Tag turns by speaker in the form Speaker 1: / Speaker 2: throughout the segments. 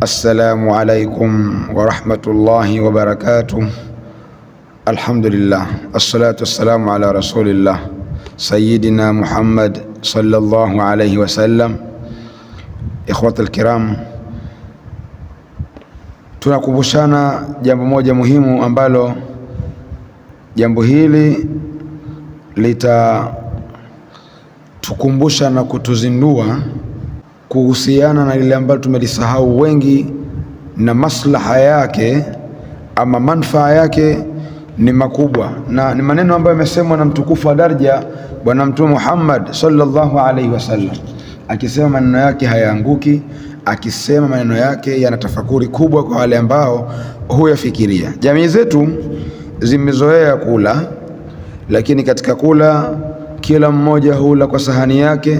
Speaker 1: Assalamu alaikum warahmatullahi wabarakatuh. Alhamdulillah, assalatu wassalamu ala rasulillah sayidina Muhammad sallallahu alayhi wasallam. Ikhwata alkiram, tunakumbushana jambo moja muhimu ambalo jambo hili litatukumbusha na kutuzindua kuhusiana na lile ambalo tumelisahau wengi, na maslaha yake ama manfaa yake ni makubwa, na ni maneno ambayo yamesemwa na mtukufu wa daraja Bwana Mtume Muhammad sallallahu alaihi wasallam, akisema maneno yake hayaanguki, akisema maneno yake yana tafakuri kubwa kwa wale ambao huyafikiria. Jamii zetu zimezoea kula, lakini katika kula kila mmoja hula kwa sahani yake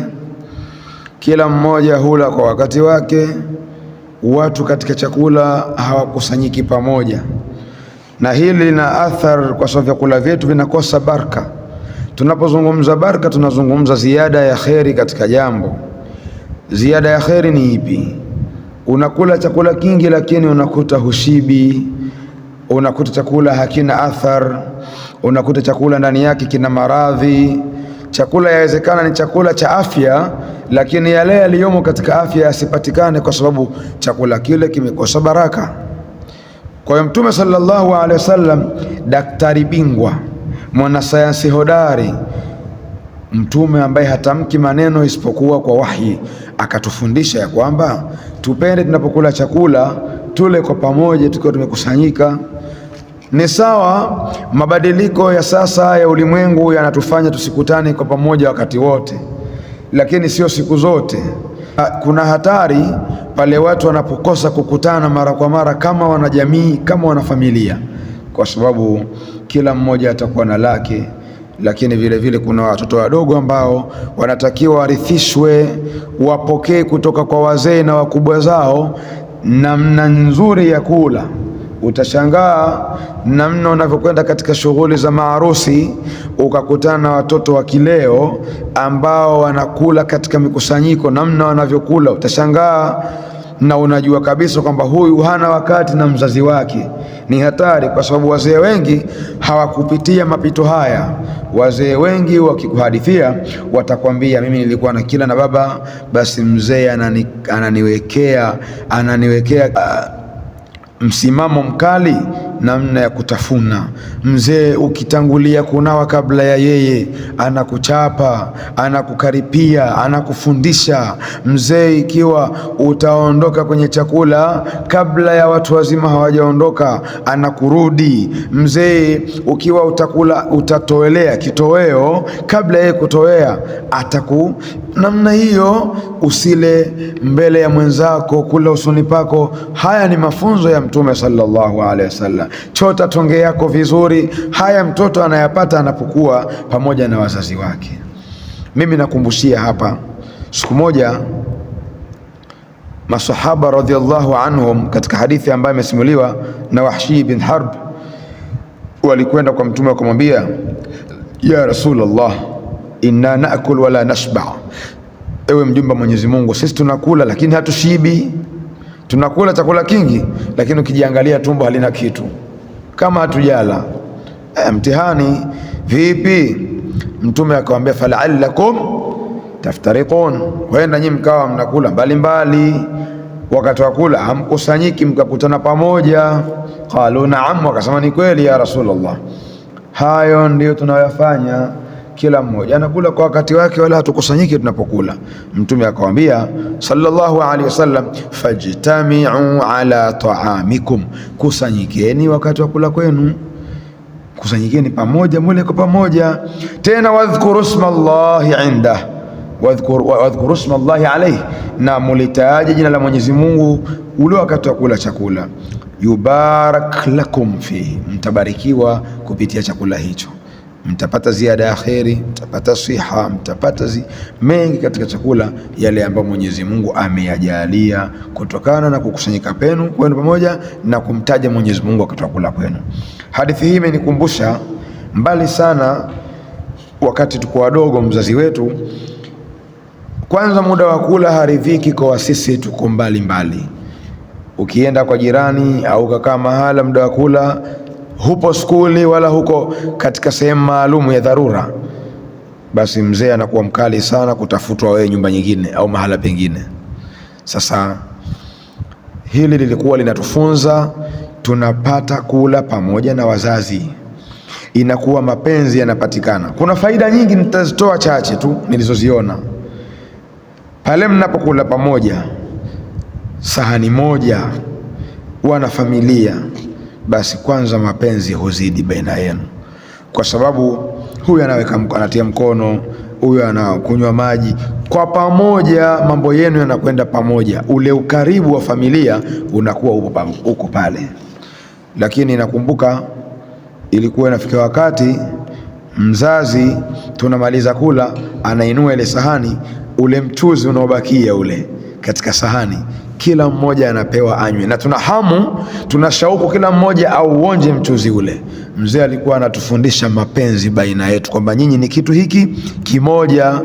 Speaker 1: kila mmoja hula kwa wakati wake. Watu katika chakula hawakusanyiki pamoja, na hili lina athar kwa sababu vyakula vyetu vinakosa baraka. Tunapozungumza baraka, tunazungumza ziada ya kheri katika jambo. Ziada ya kheri ni ipi? Unakula chakula kingi, lakini unakuta hushibi, unakuta chakula hakina athar, unakuta chakula ndani yake kina maradhi. Chakula yawezekana ni chakula cha afya lakini yale yaliyomo katika afya yasipatikane kwa sababu chakula kile kimekosa baraka. Kwa hiyo Mtume sallallahu alaihi wasallam, daktari bingwa, mwanasayansi hodari, mtume ambaye hatamki maneno isipokuwa kwa wahi, akatufundisha ya kwamba tupende tunapokula chakula, tule kwa pamoja tukiwa tumekusanyika. Ni sawa, mabadiliko ya sasa ya ulimwengu yanatufanya tusikutane kwa pamoja wakati wote lakini sio siku zote. Ah, kuna hatari pale watu wanapokosa kukutana mara kwa mara kama wanajamii, kama wanafamilia, kwa sababu kila mmoja atakuwa na lake lakini vile vile kuna watoto wadogo ambao wanatakiwa warithishwe, wapokee kutoka kwa wazee na wakubwa zao namna nzuri ya kula. Utashangaa namna unavyokwenda katika shughuli za maarusi ukakutana na watoto wa kileo ambao wanakula katika mikusanyiko, namna wanavyokula utashangaa, na unajua kabisa kwamba huyu hana wakati na mzazi wake. Ni hatari, kwa sababu wazee wengi hawakupitia mapito haya. Wazee wengi wakikuhadithia watakwambia, mimi nilikuwa na kila na baba, basi mzee anani, ananiwekea ananiwekea uh, msimamo mkali namna ya kutafuna. Mzee ukitangulia kunawa kabla ya yeye, anakuchapa, anakukaripia, anakufundisha. Mzee ikiwa utaondoka kwenye chakula kabla ya watu wazima hawajaondoka, anakurudi. Mzee ukiwa utakula, utatoelea kitoweo kabla yeye kutowea, ataku namna hiyo. Usile mbele ya mwenzako, kula usuni pako. Haya ni mafunzo ya Mtume sallallahu alaihi wasallam chota tonge yako vizuri. Haya mtoto anayapata anapokuwa pamoja na wazazi wake. Mimi nakumbushia hapa, siku moja masahaba radhiallahu anhum, katika hadithi ambayo imesimuliwa na Wahshi bin Harb, walikwenda kwa Mtume wakamwambia, ya Rasulullah, inna nakul wala nashba, ewe mjumbe wa Mwenyezi Mungu, sisi tunakula lakini hatushibi tunakula chakula kingi, lakini ukijiangalia tumbo halina kitu, kama hatujala. E, mtihani vipi? Mtume akamwambia falaallakum taftariqun, wenda nyinyi mkawa mnakula mbalimbali mbali. Wakati wa kula hamkusanyiki mkakutana pamoja. Qalu naam, wakasema ni kweli ya Rasulullah, hayo ndiyo tunayoyafanya kila mmoja anakula kwa wakati wake, wala hatukusanyiki tunapokula. Mtume akawaambia sallallahu alaihi wasallam, fajtamiu ala taamikum, kusanyikeni wakati wa kula kwenu, kusanyikeni pamoja, mule kwa pamoja. Tena wadhkuru sma llahi wadhkuru sma llahi alaihi, na mulitaje jina la Mwenyezi Mungu ule wakati wa kula chakula. Yubarak lakum fihi, mtabarikiwa kupitia chakula hicho mtapata ziada ya kheri, mtapata siha, mtapata zi mengi katika chakula yale ambayo Mwenyezi Mungu ameyajalia kutokana na kukusanyika penu kwenu pamoja na kumtaja Mwenyezi Mungu wakati wa kula kwenu. Hadithi hii imenikumbusha mbali sana, wakati tuko wadogo, mzazi wetu kwanza, muda wa kula haridhiki kwa sisi tuko mbali mbali. Ukienda kwa jirani au ukakaa mahala, muda wa kula hupo skuli wala huko katika sehemu maalum ya dharura, basi mzee anakuwa mkali sana kutafutwa wewe nyumba nyingine au mahala pengine. Sasa hili lilikuwa linatufunza, tunapata kula pamoja na wazazi, inakuwa mapenzi yanapatikana. Kuna faida nyingi, nitazitoa chache tu nilizoziona pale mnapokula pamoja, sahani moja, wana familia basi kwanza mapenzi huzidi baina yenu, kwa sababu huyu anaweka anatia mkono, huyu anakunywa maji kwa pamoja, mambo yenu yanakwenda pamoja, ule ukaribu wa familia unakuwa huko pale. Lakini nakumbuka ilikuwa inafika wakati mzazi tunamaliza kula, anainua ile sahani, ule mchuzi unaobakia ule katika sahani, kila mmoja anapewa anywe, na tuna hamu, tuna shauku, kila mmoja auonje mchuzi ule. Mzee alikuwa anatufundisha mapenzi baina yetu kwamba nyinyi ni kitu hiki kimoja.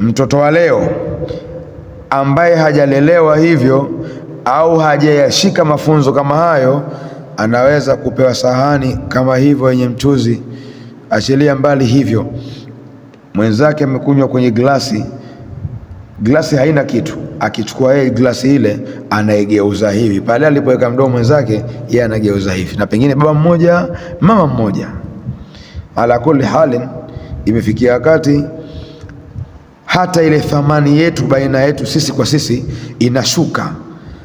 Speaker 1: Mtoto wa leo ambaye hajalelewa hivyo au hajayashika mafunzo kama hayo, anaweza kupewa sahani kama hivyo yenye mchuzi, achilia mbali hivyo, mwenzake amekunywa kwenye glasi, glasi haina kitu akichukua yeye glasi ile anaigeuza hivi, pale alipoweka mdomo mwenzake yeye anageuza hivi, na pengine baba mmoja mama mmoja. Ala kulli halin, imefikia wakati hata ile thamani yetu baina yetu sisi kwa sisi inashuka,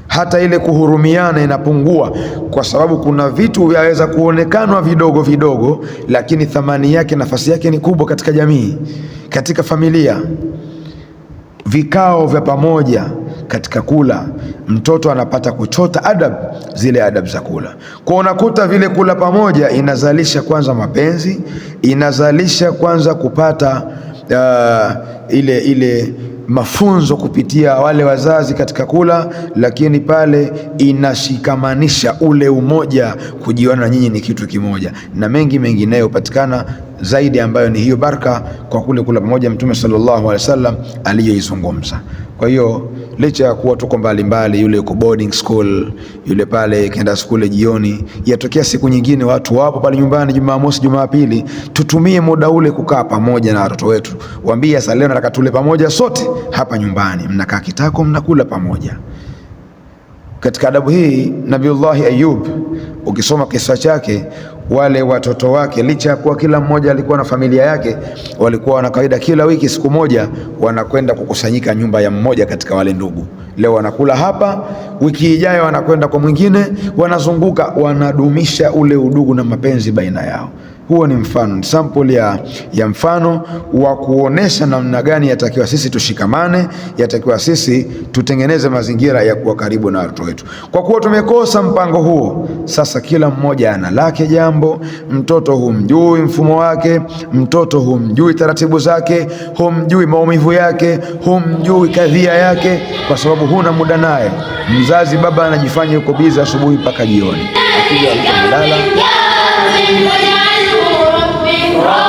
Speaker 1: hata ile kuhurumiana inapungua, kwa sababu kuna vitu vyaweza kuonekanwa vidogo vidogo, lakini thamani yake, nafasi yake ni kubwa katika jamii, katika familia vikao vya pamoja katika kula, mtoto anapata kuchota adab, zile adab za kula. Kwa unakuta vile kula pamoja inazalisha kwanza mapenzi, inazalisha kwanza kupata uh, ile ile mafunzo kupitia wale wazazi katika kula, lakini pale inashikamanisha ule umoja, kujiona nyinyi ni kitu kimoja, na mengi mengineyo hupatikana zaidi ambayo ni hiyo baraka kwa kule kula pamoja Mtume sallallahu alaihi wasallam aliyoizungumza. Kwa hiyo licha ya kuwa tuko mbalimbali, yule yuko boarding school, yule pale kenda shule jioni, yatokea siku nyingine watu wapo pale nyumbani Jumamosi, Jumapili, tutumie muda ule kukaa pamoja na watoto wetu, waambie sasa, leo nataka tule pamoja sote hapa nyumbani, mnakaa kitako, mnakula pamoja. Katika adabu hii Nabiullahi Ayub, ukisoma kisa chake wale watoto wake, licha ya kuwa kila mmoja alikuwa na familia yake, walikuwa wana kawaida kila wiki siku moja wanakwenda kukusanyika nyumba ya mmoja katika wale ndugu. Leo wanakula hapa, wiki ijayo wanakwenda kwa mwingine, wanazunguka, wanadumisha ule udugu na mapenzi baina yao. Huo ni mfano, ni sample ya, ya mfano wa kuonesha namna gani yatakiwa sisi tushikamane, yatakiwa sisi tutengeneze mazingira ya kuwa karibu na watoto wetu. Kwa kuwa tumekosa mpango huo, sasa kila mmoja ana lake jambo. Mtoto humjui mfumo wake, mtoto humjui taratibu zake, humjui maumivu yake, humjui kadhia yake, kwa sababu huna muda naye. Mzazi baba anajifanya yuko biza asubuhi mpaka jioni, akija mtu Wow.